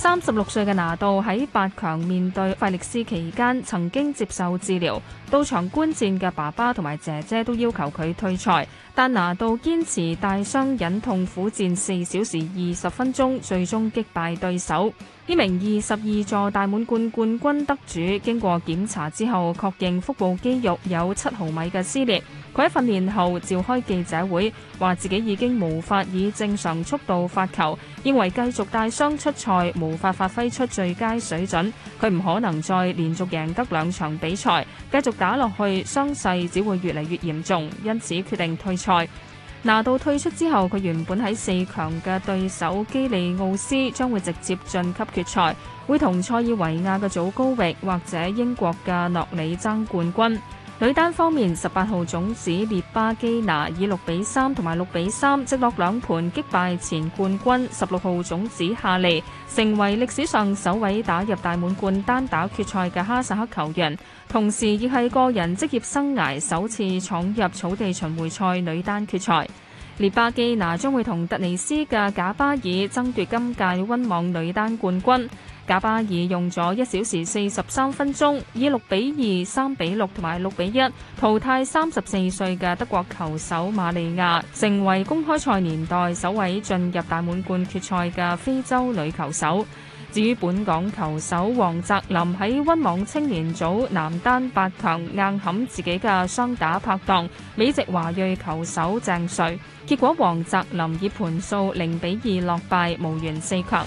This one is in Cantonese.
三十六歲嘅拿度喺八強面對費力斯期間曾經接受治療，到場觀戰嘅爸爸同埋姐姐都要求佢退賽，但拿度堅持帶傷忍痛苦戰四小時二十分鐘，最終擊敗對手。呢名二十二座大滿貫冠軍得主經過檢查之後，確認腹部肌肉有七毫米嘅撕裂。佢喺訓練後召開記者會，話自己已經無法以正常速度發球，認為繼續帶傷出賽無法發揮出最佳水準。佢唔可能再連續贏得兩場比賽，繼續打落去傷勢只會越嚟越嚴重，因此決定退賽。拿度退出之後，佢原本喺四強嘅對手基利奧斯將會直接晉級決賽，會同塞爾維亞嘅祖高域或者英國嘅諾里爭冠軍。女單方面，十八號種子列巴基娜以六比三同埋六比三直落兩盤擊敗前冠軍十六號種子夏利，成為歷史上首位打入大滿貫單打決賽嘅哈薩克球員，同時亦係個人職業生涯首次闖入草地巡迴賽女單決賽。列巴基娜將會同突尼斯嘅賈巴爾爭奪今屆溫網女單冠軍。賈巴爾用咗一小時四十三分鐘，以六比二、三比六同埋六比一淘汰三十四歲嘅德國球手瑪利亞，成為公開賽年代首位進入大滿貫決賽嘅非洲女球手。至於本港球手黃澤林喺溫網青年組男單八強硬撼自己嘅雙打拍檔美籍華裔球手鄭瑞，結果黃澤林以盤數零比二落敗，無緣四強。